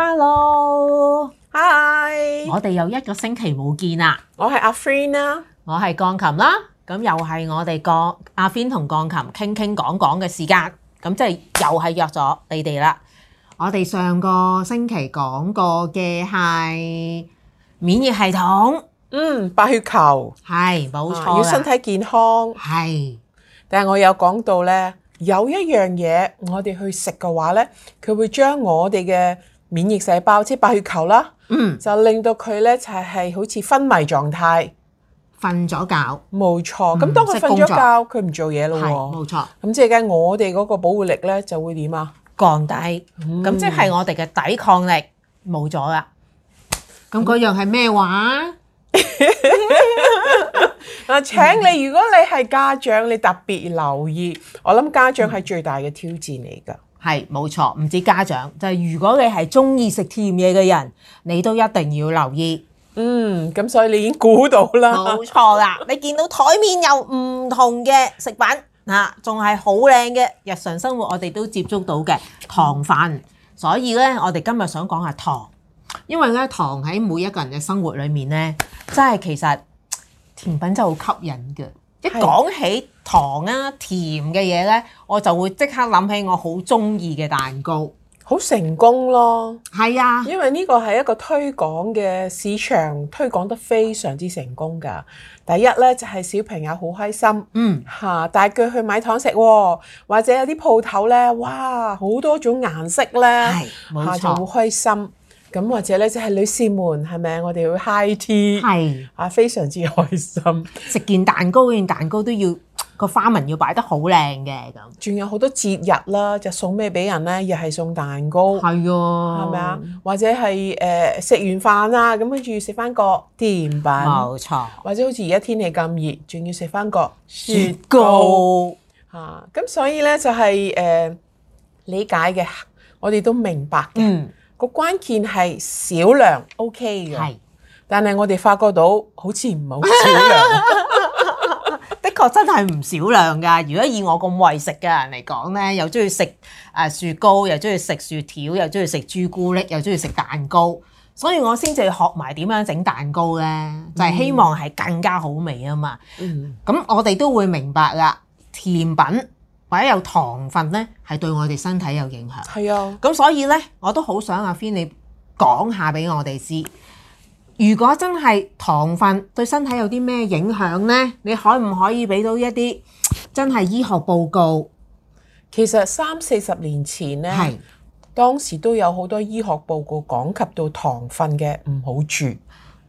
Hello，Hi，我哋又一個星期冇見啦。我係阿 Fin 啦，我係鋼琴啦。咁又係我哋個阿 Fin 同鋼琴傾傾講講嘅時間。咁即係又係約咗你哋啦。我哋上個星期講過嘅係免疫系統，嗯，白血球係冇錯，要身體健康係。但係我有講到呢，有一樣嘢我哋去食嘅話呢，佢會將我哋嘅。免疫細胞，即係白血球啦，就令到佢咧就係好似昏迷狀態，瞓咗覺。冇錯，咁當佢瞓咗覺，佢唔做嘢咯喎，冇錯。咁即係緊我哋嗰個保護力咧就會點啊？降低，咁即係我哋嘅抵抗力冇咗啦。咁嗰樣係咩話？我請你，如果你係家長，你特別留意。我諗家長係最大嘅挑戰嚟㗎。係冇錯，唔止家長，就係、是、如果你係中意食甜嘢嘅人，你都一定要留意。嗯，咁所以你已經估到啦，冇錯啦。 你見到台面有唔同嘅食品，嗱、啊，仲係好靚嘅日常生活，我哋都接觸到嘅糖分。嗯、所以呢，我哋今日想講下糖，因為呢，糖喺每一個人嘅生活裏面呢，真係其實甜品真係好吸引嘅。一講起。糖啊，甜嘅嘢呢，我就會即刻諗起我好中意嘅蛋糕，好成功咯，係呀、啊！因為呢個係一個推廣嘅市場，推廣得非常之成功㗎。第一呢，就係、是、小朋友好開心，嗯嚇、啊，帶佢去買糖食喎，或者有啲鋪頭呢，哇，好多種顏色呢，冇錯，好、啊、開心。咁或者呢，即係女士們，係咪？我哋會 high tea，係是啊，非常之開心，食件蛋糕，件 蛋，蛋糕都要。個花紋要擺得好靚嘅咁，仲有好多節日啦，就是、送咩俾人呢？又係送蛋糕，係喎的，係咪啊？或者係誒食完飯啊，咁跟住食翻個甜品，冇錯。或者好似而家天氣咁熱，仲要食翻個雪糕嚇。咁糕、啊、所以呢，就係、是、誒、呃、理解嘅，我哋都明白嘅。個、嗯、關鍵係少量 OK 嘅，的但係我哋發覺到好似唔好少量。 真係唔少量噶。如果以我咁為食嘅人嚟講呢，又中意食誒雪糕，又中意食薯條，又中意食朱古力，又中意食蛋糕，所以我先至學埋點樣整蛋糕呢，就係希望係更加好味啊嘛。咁、嗯、我哋都會明白啦。甜品或者有糖分呢，係對我哋身體有影響。係啊。咁所以呢，我都好想阿 Fin 你講下俾我哋知。如果真係糖分對身體有啲咩影響呢？你可唔可以俾到一啲真係醫學報告？其實三四十年前呢，是當時都有好多醫學報告講及到糖分嘅唔好處。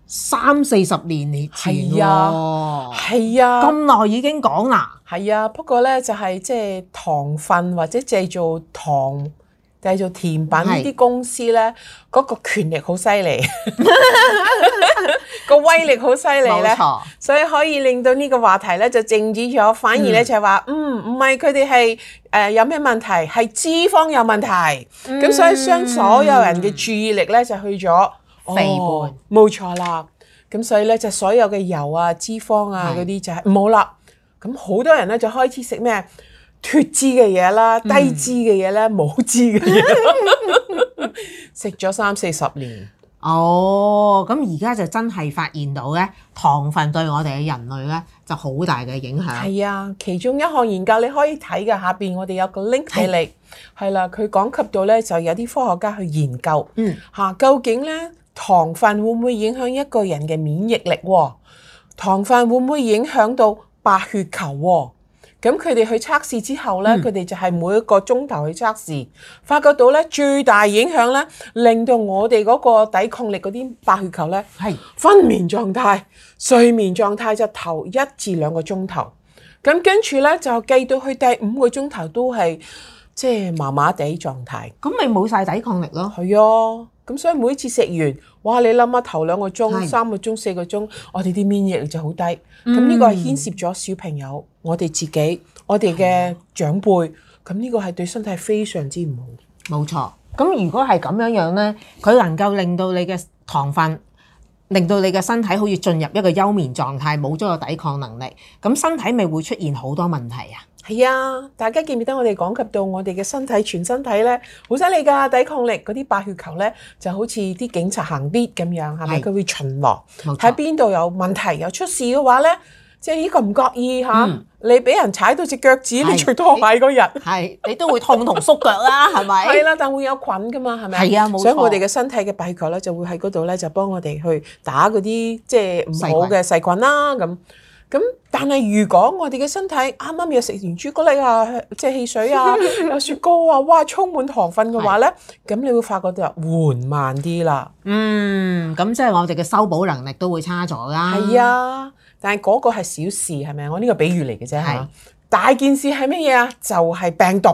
三四十年嚟，係啊，係啊，咁耐、啊、已經講啦。係啊，不過呢，就係即係糖分或者製造糖。製造甜品呢啲公司呢，嗰是個權力好犀利，個 威力好犀利呢。錯所以可以令到呢個話題呢就靜止咗，反而呢就係話，嗯，唔係佢哋係誒有咩問題，係脂肪有問題，咁、嗯、所以將所有人嘅注意力呢就去咗肥胖，冇錯啦。咁所以呢，就所有嘅油啊、脂肪啊嗰啲就係冇啦。咁好是多人呢，就開始食咩？脫脂嘅嘢啦，低脂嘅嘢啦，冇脂嘅嘢，食 咗三四十年。哦，咁而家就真係發現到咧，糖分對我哋嘅人類咧就好大嘅影響。係啊，其中一項研究你可以睇嘅下邊，我哋有個 link 俾你，係啦、啊，佢講及到咧就有啲科學家去研究，嗯嚇、啊，究竟咧糖分會唔會影響一個人嘅免疫力？糖分會唔會影響到白血球？咁佢哋去測試之後呢，佢哋就係每一個鐘頭去測試，發覺到呢最大影響呢，令到我哋嗰個抵抗力嗰啲白血球呢，係分眠狀態、睡眠狀態就頭一至兩個鐘頭，咁跟住呢就計到去第五個鐘頭都係即係麻麻地狀態。咁咪冇晒抵抗力咯。係啊。咁所以每次食完，哇！你諗下頭兩個鐘、是的 三個鐘、四個鐘，我哋啲免疫力就好低。咁呢、嗯、個係牽涉咗小朋友、我哋自己、我哋嘅長輩。咁呢是的 個係對身體非常之唔好。冇錯。咁如果係咁樣樣呢，佢能夠令到你嘅糖分，令到你嘅身體好似進入一個休眠狀態，冇咗個抵抗能力，咁身體咪會出現好多問題啊！係啊，yeah, 大家記唔記得我哋講及到我哋嘅身體全身體咧，好犀利㗎抵抗力，嗰啲白血球咧就好似啲警察行 beat 咁樣，係咪是？佢會巡邏睇邊度有問題有出事嘅話咧，即係呢個唔覺意吓，你俾人踩到隻腳趾，你最多捱嗰日，係你都會痛同縮腳啦，係咪？係啦、 啊，但會有菌㗎嘛，係咪？係啊，冇錯。所以我哋嘅身體嘅白血球咧，就會喺嗰度咧，就幫我哋去打嗰啲即係唔好嘅細菌啦，咁。咁，但係如果我哋嘅身體啱啱又食完朱古力啊，即係汽水啊，又雪糕啊，哇，充滿糖分嘅話呢，咁你是會發覺就緩慢啲啦。嗯，咁即係我哋嘅修補能力都會差咗啦。係啊，但係嗰個係小事係咪？我呢個比喻嚟嘅啫，係是大件事係乜嘢啊？就係、是、病毒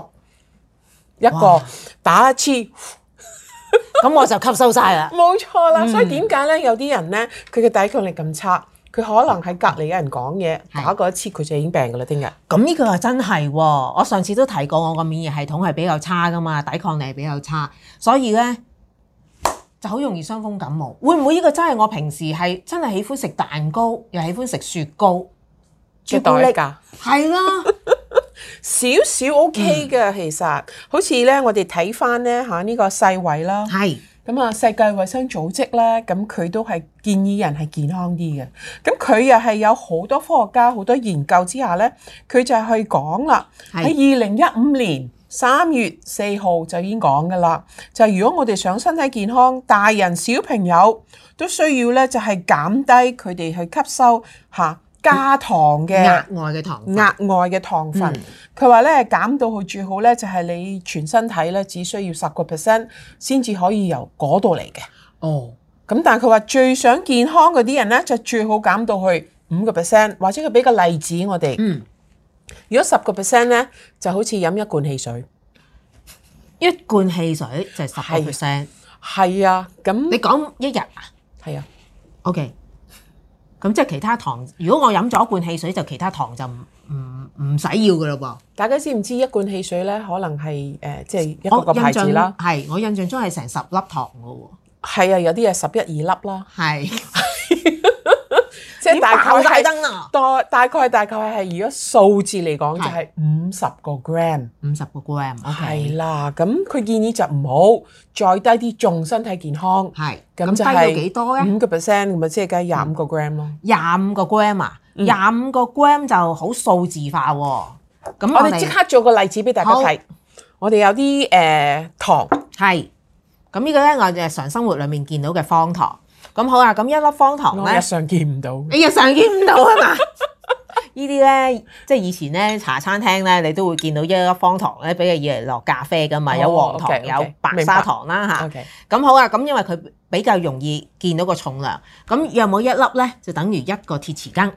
一個哇打一癡次，咁 我就吸收晒啦。冇錯啦，嗯、所以點解呢？有啲人呢，佢嘅抵抗力咁差？佢可能喺隔離有人講嘢，打過一次佢就已經病噶啦。聽日咁呢個係真係喎、啊,我上次都提過，我個免疫系統係比較差噶嘛，抵抗力係比較差，所以呢就好容易傷風感冒。會唔會呢個真係我平時係真係喜歡食蛋糕，又喜歡食雪糕朱古力嘅係咯，少少 OK 嘅其實，好似呢，我哋睇翻呢嚇呢個世衛啦，係。咁啊，世界衞生組織咧，咁佢都係建議人係健康啲嘅。咁佢又係有好多科學家、好多研究之下咧，佢就係去講啦，喺二零一五年三月四號就已經講噶啦，就係、是、如果我哋想身體健康，大人小朋友都需要咧，就係減低佢哋去吸收嚇。加糖嘅，額外嘅糖，額外嘅糖分。佢話咧減到去最好咧，就係你全身體咧只需要十個 percent 先至可以由嗰度嚟嘅。哦，咁但係佢話最想健康嗰啲人咧，就最好減到去五個 percent，或者佢俾個例子我哋。嗯，如果十個 percent 咧，就好似飲一罐汽水，一罐汽水就係十個 percent。係啊，咁你講一日啊？係啊，啊，OK。咁即係其他糖，如果我飲咗一罐汽水，就其他糖就唔唔唔使要嘅嘞。大家知唔知一罐汽水咧，可能係誒、呃、即係我印象係我印象中係成十粒糖嘅喎。係啊，有啲係十一二粒啦。係是。 大球大燈啊！大大概大概係如果數字嚟講，是就係五十個 gram，五十個 gram。O.K. 係啦，咁佢建議就唔好再低啲，重身體健康。係咁是低到幾多咧？五個 percent，咁啊，即係加廿五個 gram 咯。廿五個 gram，廿五個 gram 就好數字化喎。咁我哋即刻做個例子俾大家睇好、呃。我哋有啲誒糖係，咁呢個咧我日常生活裏面見到嘅方糖。咁好啊！咁一粒方糖咧，日常見唔到，你日常見唔到吖嘛？呢啲咧，即係以前咧茶餐廳咧，你都會見到一粒方糖咧，俾佢以嚟落咖啡㗎嘛，oh, 有黃糖，okay, okay. 有白砂糖啦嚇。咁好啊！咁因為佢比較容易見到個重量，咁約莫一粒咧就等於一個鐵匙羹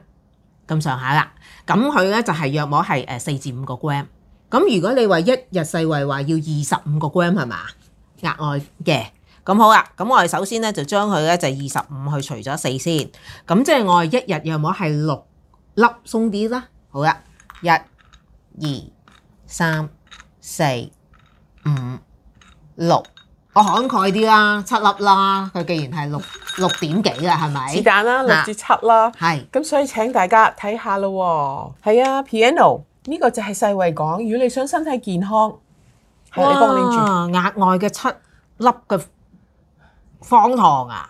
咁上下啦。咁佢咧就係約莫係誒四至五個 gram。咁如果你話一日世衛話要二十五個 gram 係嘛？額外嘅。咁好啦，咁我哋首先咧就將佢咧就二十五去除咗四先，咁即係我哋一日有冇係六粒鬆啲啦？好啦，一、二、三、四、五、六，我慷慨啲啦，七粒啦，佢既然係六六點幾啦，係咪？是但啦，六至七啦，係。咁所以請大家睇下啦，係啊，piano 呢個就係世衛講，如果你想身體健康，係、啊啊、你幫你住額外嘅七粒嘅。方糖啊，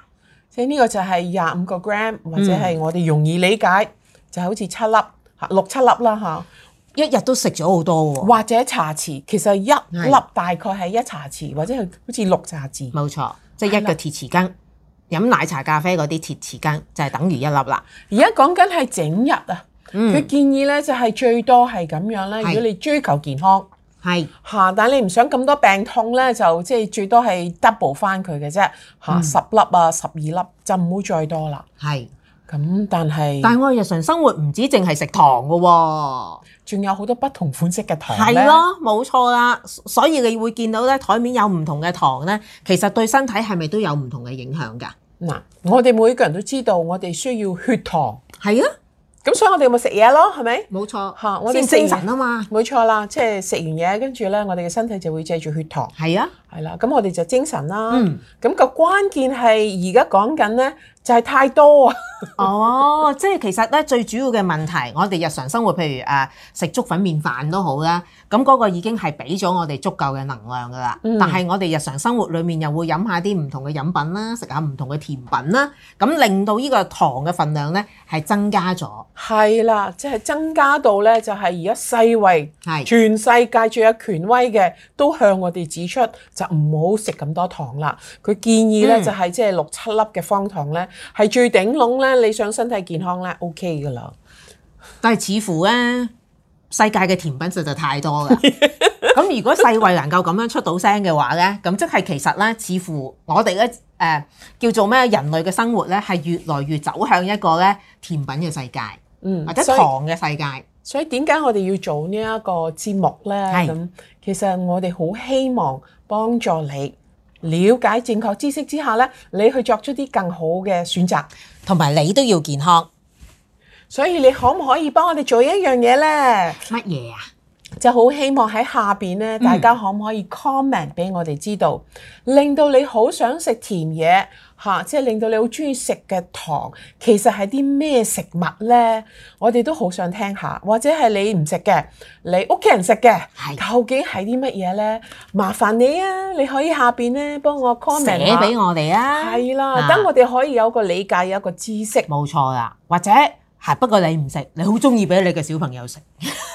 即係呢個就係廿五個 gram，或者係我哋容易理解，就是、好似七粒，六七粒啦吓，一日都食咗好多喎。或者茶匙，其實一粒大概係一茶匙，是或者係好似六茶匙。冇錯，即係一個鐵匙羹，飲的奶茶、咖啡嗰啲鐵匙羹就係、是、等於一粒啦。而家講緊係整日啊，佢、嗯、建議呢就係最多係咁樣咧，是如果你追求健康。係嚇，但係你唔想咁多病痛咧，就即係最多係 double 翻佢嘅啫嚇，十粒啊，十二粒就唔好再多啦。係咁，但係但係我日常生活唔止淨係食糖㗎喎，仲有好多不同款式嘅糖咧。係咯，冇錯啦，所以你會見到咧台面有唔同嘅糖咧，其實對身體係咪都有唔同嘅影響㗎？嗱，我哋每個人都知道，我哋需要血糖係啊。咁所以我哋咪食嘢咯，係咪？冇錯，嚇，我哋精神啊嘛，冇錯啦，即係食完嘢，跟住咧，我哋嘅身體就會借住血糖，係啊，係啦，咁我哋就精神啦。嗯，咁個關鍵係而家講緊咧。就係太多啊！ 哦，即係其實咧，最主要嘅問題，我哋日常生活譬如誒食、啊、粥粉麵飯都好啦，咁嗰個已經係俾咗我哋足夠嘅能量噶啦。嗯、但係我哋日常生活裏面又會飲下啲唔同嘅飲品啦，食下唔同嘅甜品啦，咁令到呢個糖嘅份量呢係增加咗。係啦，即、就、係、是、增加到呢，就係而家世衞係是全世界最有權威嘅，都向我哋指出就唔好食咁多糖啦。佢建議呢，就係即係六七粒嘅方糖呢。嗯係最頂籠啦，你想身體健康啦，OK 噶啦。但係似乎咧，世界嘅甜品實在太多啦。咁 如果世衛能夠咁樣出到聲嘅話咧，咁即係其實咧，似乎我哋咧誒叫做咩人類嘅生活咧，係越來越走向一個咧甜品嘅世界，嗯，或者糖嘅世界。所以點解我哋要做呢一個節目咧？咁是其實我哋好希望幫助你。了解正確知識之下咧，你去作出啲更好嘅選擇，同埋你都要健康。所以你可唔可以幫我哋做一樣嘢咧？乜嘢啊？就好希望喺下邊咧，大家可唔可以 comment 俾我哋知道，嗯、令到你好想食甜嘢？嚇！即係令到你好中意食嘅糖，其實係啲咩食物咧？我哋都好想聽下，或者係你唔食嘅，你屋企人食嘅，是究竟係啲乜嘢咧？麻煩你啊！你可以下邊咧幫我 comment 寫俾我哋啊！係啦的，等我哋可以有個理解，啊、有一個知識。冇錯啦，或者係不過你唔食，你好中意俾你嘅小朋友食。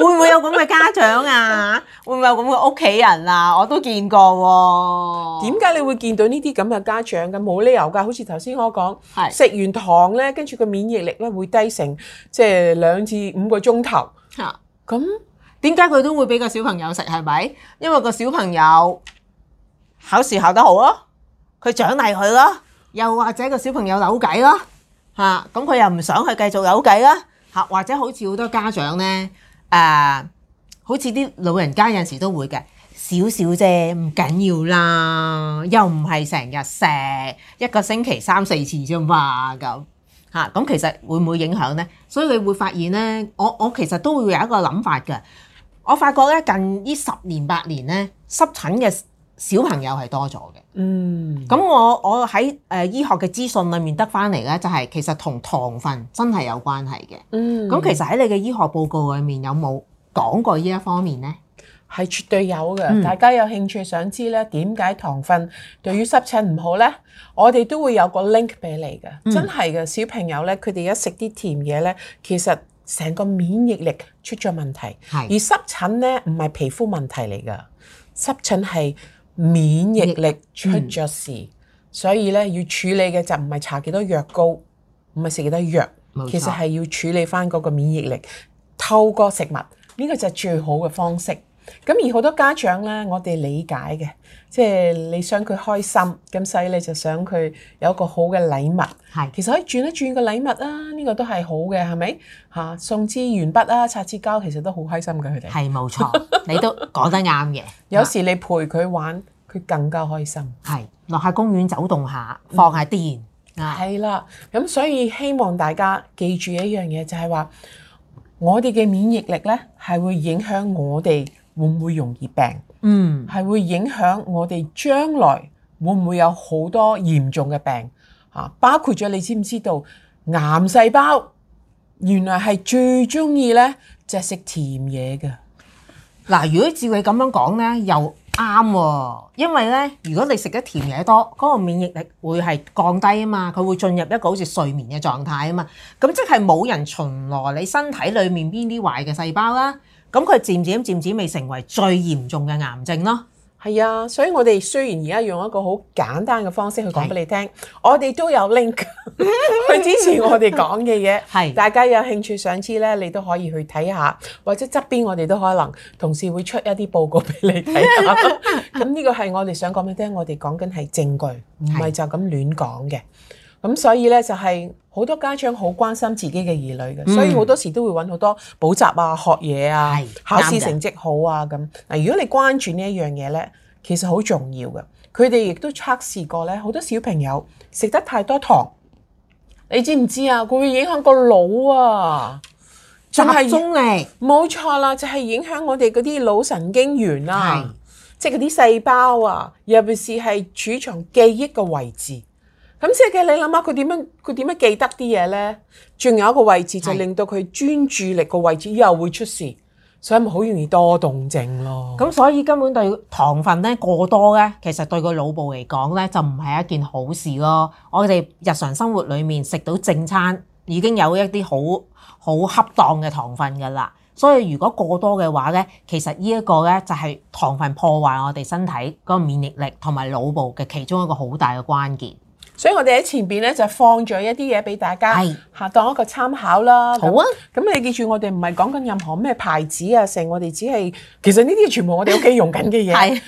會唔會有咁嘅家長啊？會唔會有咁嘅屋企人啊？我都見過喎。點解你會見到呢啲咁嘅家長嘅？咁冇理由噶，好似頭先我講，係食完糖咧，跟住個免疫力咧會低成即係兩至五個鐘頭嚇。咁點解佢都會俾個小朋友食？係咪？因為個小朋友考試考得好咯，佢獎勵佢咯，又或者個小朋友扭計咯嚇，咁佢又唔想去繼續扭計啦嚇，或者好似好多家長咧。啊，uh, 好似啲老人家有時都會嘅，少少啫，唔緊要啦，又唔係成日食，一個星期三四次啫嘛咁，嚇咁、啊嗯、其實會唔會影響呢？所以你會發現呢，我我其實都會有一個諗法嘅，我發覺咧近呢十年八年呢，濕疹嘅。小朋友係多咗嘅，咁、嗯、我我喺誒醫學嘅資訊裏面得翻嚟呢，就係其實同糖分真係有關係嘅。咁、嗯、其實喺你嘅醫學報告裏面有冇講過呢一方面呢？係絕對有嘅。嗯、大家有興趣想知呢點解糖分對於濕疹唔好呢？我哋都會有個 link 俾你嘅，嗯、真係嘅。小朋友呢，佢哋一食啲甜嘢呢，其實成個免疫力出咗問題。是而濕疹呢，唔係皮膚問題嚟㗎，濕疹係。免疫力出咗事，嗯、所以咧要處理嘅就唔係搽幾多藥膏，唔係食幾多藥，沒錯 其實係要處理翻嗰個免疫力，透過食物呢、呢個就係最好嘅方式。咁而好多家長呢，我哋理解嘅，即係你想佢開心，咁所以你就想佢有一個好嘅禮物。係，其實可以轉一轉個禮物啊，呢個都係好嘅，係咪？嚇，送支鉛筆啊，擦紙膠，其實都好開心嘅佢哋。係冇錯，你都講得啱嘅。有時你陪佢玩，佢更加開心。係，落下公園走動下，放下電。係啦，咁所以希望大家記住一樣嘢，就係話我哋嘅免疫力呢，係會影響我哋。會唔會容易病？嗯，係會影響我哋將來會唔會有好多嚴重嘅病啊？包括咗你知唔知道癌細胞原來係最中意呢，即係、就是、食甜嘢嘅。嗱，如果照你咁樣講呢，又啱喎、哦。因為呢，如果你食得甜嘢多，嗰、那個免疫力會係降低啊嘛，佢會進入一個好似睡眠嘅狀態啊嘛，咁即係冇人巡邏你身體裏面邊啲壞嘅細胞啦。咁佢漸漸漸漸未成為最嚴重嘅癌症咯。係啊，所以我哋雖然而家用一個好簡單嘅方式去講俾你聽，是我哋都有 link 去支持我哋講嘅嘢。係是，大家有興趣上次咧，你都可以去睇下，或者側邊我哋都可能同事會出一啲報告俾你睇。咁呢 個係我哋想講俾你聽，我哋講緊係證據，唔係是就咁亂講嘅。咁所以咧，就係好多家長好關心自己嘅兒女嘅，嗯、所以好多時都會揾好多補習啊、學嘢啊、是考試成績好啊咁。嗱的，如果你關注呢一樣嘢咧，其實好重要嘅。佢哋亦都測試過咧，好多小朋友食得太多糖，你知唔知啊？佢會影響個腦啊，就集中嚟，冇、就是、錯啦，就係、是、影響我哋嗰啲腦神經元啊，即係嗰啲細胞啊，尤其是係儲藏記憶嘅位置。咁即係嘅，你諗下佢點樣佢點樣記得啲嘢咧？仲有一個位置就令到佢專注力個位置又會出事，是所以咪好容易多動症咯。咁所以根本對糖分咧過多咧，其實對個腦部嚟講咧就唔係一件好事咯。我哋日常生活裡面食到正餐已經有一啲好好恰當嘅糖分㗎啦，所以如果過多嘅話咧，其實呢一個咧就係糖分破壞我哋身體個免疫力同埋腦部嘅其中一個好大嘅關鍵。所以我哋喺前邊咧就放咗一啲嘢俾大家，嚇是當一個參考啦。好啊，咁你記住我哋唔係講緊任何咩牌子啊，成我哋只係其實呢啲全部我哋屋企用緊嘅嘢， 是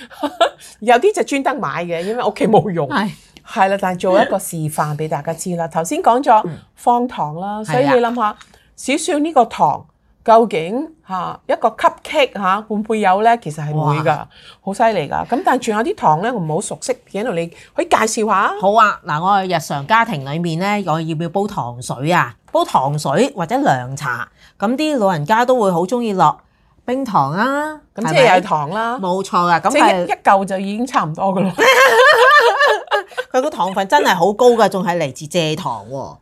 有啲就專登買嘅，因為屋企冇用。係係啦，但係做一個示範俾大家知啦。頭先講咗方糖啦，嗯、所以你諗下的少少呢個糖。究竟嚇一個吸吸嚇會唔會有咧？其實係唔會噶，好犀利噶。咁但係仲有啲糖咧，我唔係好熟悉。喺度你可以介紹下好啊，嗱，我哋日常家庭裏面咧，我要唔要煲糖水啊？煲糖水或者涼茶，咁啲老人家都會好中意落冰糖啊。咁即係有糖啦。冇錯噶、啊，咁係一嚿就已經差唔多噶啦。佢個 糖分真係好高㗎，仲係嚟自蔗糖喎。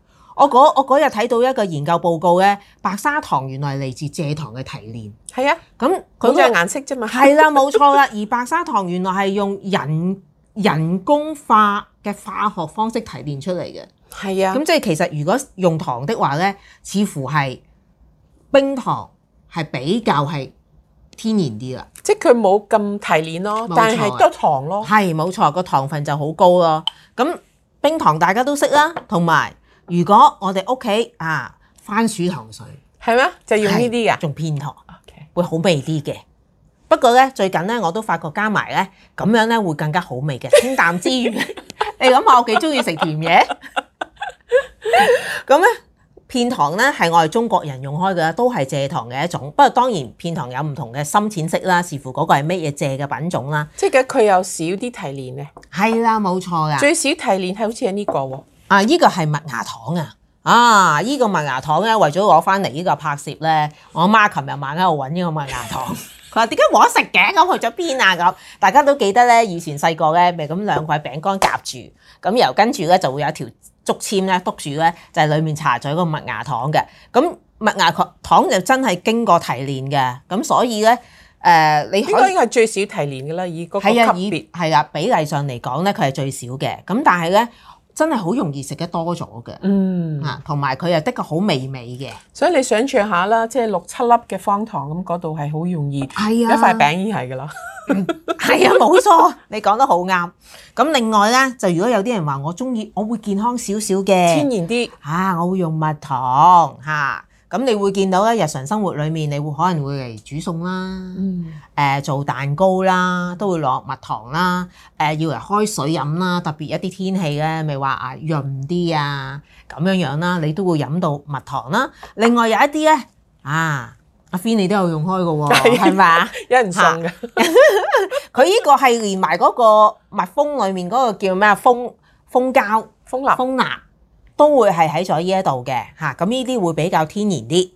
我嗰日睇到一個研究報告咧，白砂糖原來嚟自蔗糖嘅提煉。係啊，咁佢個顏色啫嘛。係啦、啊，冇錯啦、啊。而白砂糖原來係用人 人工化嘅化學方式提煉出嚟嘅。係啊。咁、嗯、即係其實如果用糖的話呢，似乎係冰糖係比較係天然啲啦。即係佢冇咁提煉咯，啊、但係得糖咯。係冇錯，個糖分就好高咯。咁冰糖大家都識啦，同埋。如果我哋屋企啊番薯糖水，係咩？就用呢啲噶，仲片糖，Okay. 會好味啲嘅。不過呢，最近呢，我都發覺加埋呢，咁樣呢會更加好味嘅，清淡之餘。 你諗下，我幾中意食甜嘢。咁咧、 嗯嗯嗯、片糖呢，係我哋中國人用開嘅，都係蔗糖嘅一種。不過當然片糖有唔同嘅深淺色啦，視乎嗰個係咩嘢蔗嘅品種啦。即係佢有少啲提煉嘅，係啦，冇錯啦。最少提煉係好似係呢個喎。啊！依、這個係麥芽糖啊！啊！依個麥芽糖咧，為咗攞翻嚟呢個拍攝咧，我媽琴日晚喺度揾呢個麥芽糖。佢話：點解我食嘅？咁去咗邊啊？咁大家都記得咧，以前細個咧，咪咁兩塊餅乾夾住，咁由跟住咧就會有一條竹籤咧篤住咧，就係、是、裡面搽咗個麥芽糖嘅。咁麥芽糖就真係經過提煉嘅。咁所以咧，誒、呃，你應該應該最少提煉嘅啦，以個級別係啦，比例上嚟講咧，佢係最少嘅。咁但係咧。真係好容易食得多咗嘅，嗯啊，同埋佢又的確好美味嘅。所以你想象下啦，即係六七粒嘅方糖咁，嗰度係好容易，係啊、哎呀，一塊餅已係噶啦，係 啊、哎，冇錯，你講得好啱。咁另外咧，就如果有啲人話我中意，我會健康少少嘅，天然啲嚇、啊，我會用蜜糖嚇。啊咁你會見到咧，日常生活裏面，你會可能會嚟煮餸啦，誒、嗯呃、做蛋糕啦，都會落蜜糖啦，誒要嚟開水飲啦，特別一啲天氣咧，咪話啊潤啲啊咁樣樣啦，你都會飲到蜜糖啦。另外有一啲咧，啊阿 Fin 你都有用開㗎喎，係嘛，有人送㗎，佢呢、啊、 個係連埋嗰個蜜蜂裏面嗰個叫咩啊蜂蜂，蜂蜂膠、蜂蠟、蜂蠟。都會係喺咗呢一度嘅嚇，咁呢啲會比較天然啲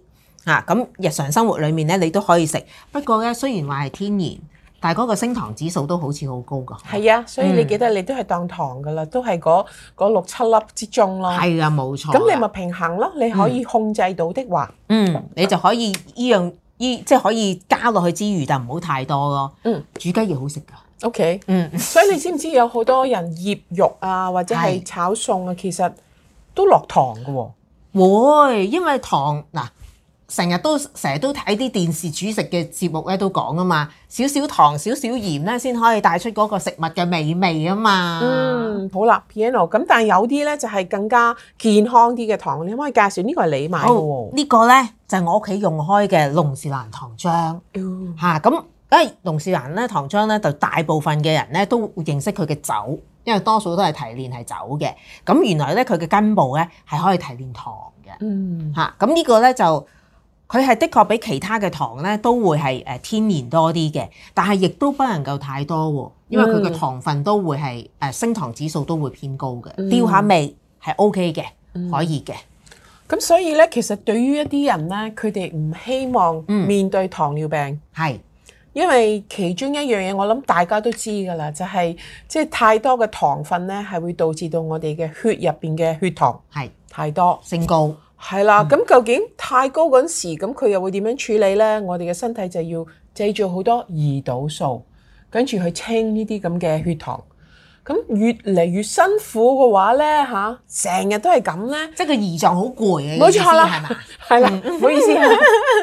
嚇。咁日常生活裏面咧，你都可以食。不過咧，雖然話係天然，但係嗰個升糖指數都好似好高噶。係啊，所以你記得你都係當糖噶啦，都係嗰六七粒之中咯。係啊，冇錯。咁你咪平衡咯，你可以控制到的話。嗯，你就可以依樣依即係可以加落去之餘，但唔好太多咯。嗯，煮雞翼好食噶。OK。嗯，所以你知唔知有好多人醃肉啊，或者係炒餸啊，其實？都落糖㗎喎、哦，會，因為糖嗱成日都成日都睇啲電視煮食嘅節目咧，都講啊嘛，少少糖少少鹽咧，先可以帶出嗰個食物嘅美味啊嘛。嗯，好啦，Piano，咁但係有啲咧就係更加健康啲嘅糖，你可以介紹呢個係你買嘅喎。哦這個、呢個咧就係、是、我屋企用開嘅龍舌蘭糖漿嚇，咁誒、嗯啊、龍舌蘭咧糖漿咧就大部分嘅人咧都會認識佢嘅酒。因為多數都係提煉係酒嘅，咁原來咧佢嘅根部咧係可以提煉糖嘅，嚇咁、嗯啊這個、呢個咧就佢係的確比其他嘅糖咧都會係誒天然多啲嘅，但係亦都不能夠太多喎，因為佢嘅糖分都會係誒、啊、升糖指數都會偏高嘅，嗯、調下味係 OK 嘅，嗯、可以嘅。咁所以咧，其實對於一啲人咧，佢哋唔希望面對糖尿病係。嗯因為其中一樣嘢，我諗大家都知㗎啦，就係即係太多嘅糖分呢，係會導致到我哋嘅血入邊嘅血糖係太多升高。係啦的，咁、嗯、究竟太高嗰陣時，咁佢又會點樣處理呢？我哋嘅身體就要製造好多胰島素，跟住去清呢啲咁嘅血糖。咁越嚟越辛苦嘅話咧嚇，成日都係咁咧，即係個胰臟好攰嘅冇錯啦，係嘛？係啦，唔好意思，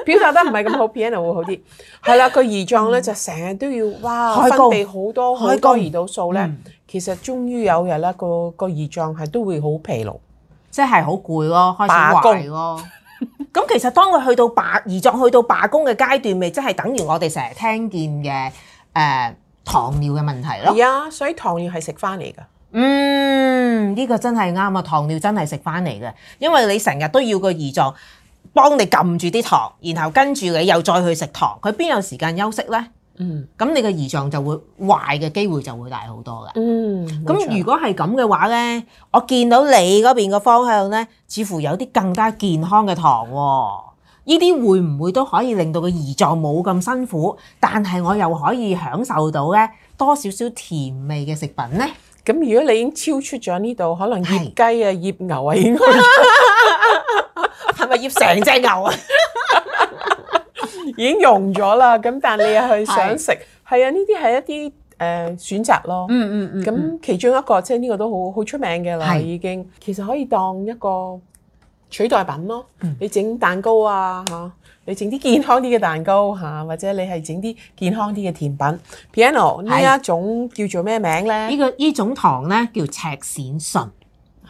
表達得唔係咁好，piano 會好啲。係啦，個胰臟咧就成日都要哇分泌好多好多胰島素咧，其實終於有日咧，個個胰臟係都會好疲勞，即係好攰咯，開始罷工咯。咁其實當佢去到罷胰臟去到罷工嘅階段未，即係等於我哋成日聽見嘅誒。糖尿嘅問題咯，係啊，所以糖尿係食翻嚟噶。嗯，呢個真係啱啊！糖尿真係食翻嚟嘅，因為你成日都要個胰臟幫你撳住啲糖，然後跟住你又再去食糖，佢邊有時間休息呢？嗯，咁你個胰臟就會壞嘅機會就會大好多嘅。嗯，咁如果係咁嘅話呢，我見到你嗰邊個方向呢，似乎有啲更加健康嘅糖喎。呢啲會唔會都可以令到個胰臟冇咁辛苦，但係我又可以享受到咧多少少甜味嘅食品呢？咁如果你已經超出咗呢度，可能醃雞啊、是醃牛啊，應該已經，係咪 醃成隻牛啊？ 已經融咗啦，咁但係你又係想食？係是啊，呢啲係一啲誒、呃、選擇咯。嗯嗯嗯。咁其中一個即係呢個都好好出名嘅啦，已經是。是其實可以當一個。取代品咯，你整蛋糕啊嚇，你整啲健康啲嘅蛋糕嚇，或者你係整啲健康啲嘅甜品。Piano 呢一種叫做咩名咧？呢、這個呢種糖咧叫赤蘚醇，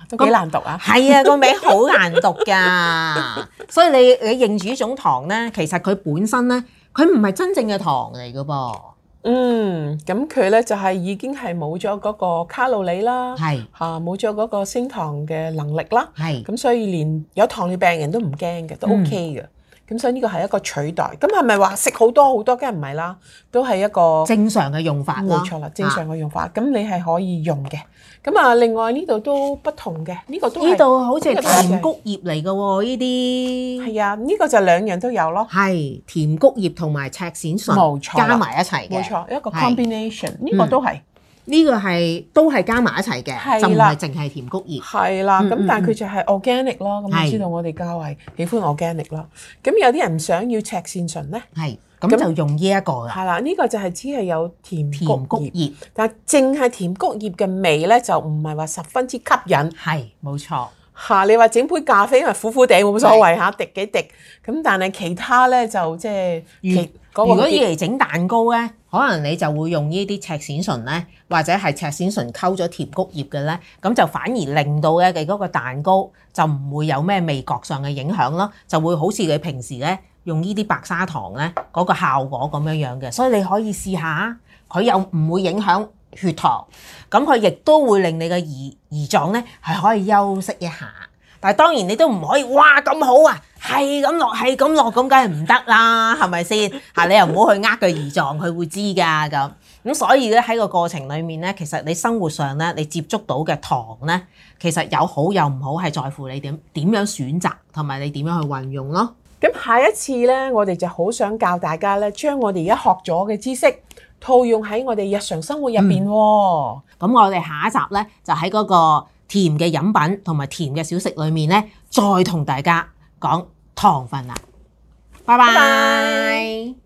都幾難讀那 啊！係啊，個名好難讀㗎， 所以你你認住呢種糖咧，其實佢本身咧，佢唔係真正嘅糖嚟㗎噃。嗯，咁佢呢就係、是、已經係冇咗嗰個卡路里啦，係嚇冇咗嗰個升糖嘅能力啦，係是，所以連有糖尿病人都唔驚嘅，都 OK 嘅。嗯。咁所以呢個係一個取代，咁係咪話食好多好多？梗係唔係啦，都係一個正常嘅用法，冇錯啦，正常嘅用法，咁啊，你係可以用嘅。咁啊，另外呢度都不同嘅，呢個都呢度好似甜菊葉嚟嘅喎，呢啲係啊，呢、呢個就兩樣都有咯。係甜菊葉同埋赤蘚醇加埋一齊，冇錯，一個 combination，呢是個都係。嗯呢個係都係加埋一齊嘅，就唔係淨係甜菊葉。係啦，咁但係佢就係 organic 咯。咁知道我哋家衞喜歡 organic 啦。咁有啲人唔想要赤蘚醇咧，係咁就用呢一個嘅。係啦，呢個就係只係有甜甜菊葉，但係淨係甜菊葉嘅味咧就唔係話十分之吸引。係，冇錯嚇。你話整杯咖啡因咪苦苦地冇所謂嚇，滴幾滴咁。但係其他咧就即係，如果以嚟整蛋糕咧。可能你就會用呢啲赤蘚醇咧，或者係赤蘚醇溝咗甜菊葉嘅咧，咁就反而令到咧佢嗰個蛋糕就唔會有咩味覺上嘅影響咯，就會好似你平時咧用呢啲白砂糖咧嗰個效果咁樣樣嘅，所以你可以試下，佢又唔會影響血糖，咁佢亦都會令你嘅胰胰臟咧係可以休息一下。但係當然你都唔可以，哇咁好啊，係咁落係咁落咁，梗係唔得啦，係咪先？嚇 你又唔好去呃佢胰臟，佢會知㗎咁。咁所以咧喺個過程裏面咧，其實你生活上咧，你接觸到嘅糖咧，其實有好有唔好，係在乎你點點樣選擇同埋你點樣去運用咯。咁下一次咧，我哋就好想教大家咧，將我哋而家學咗嘅知識套用喺我哋日常生活入邊。咁、嗯、我哋下一集咧就喺嗰、嗰個。甜嘅飲品同埋甜嘅小食裏面呢，再同大家講糖分啦。拜拜。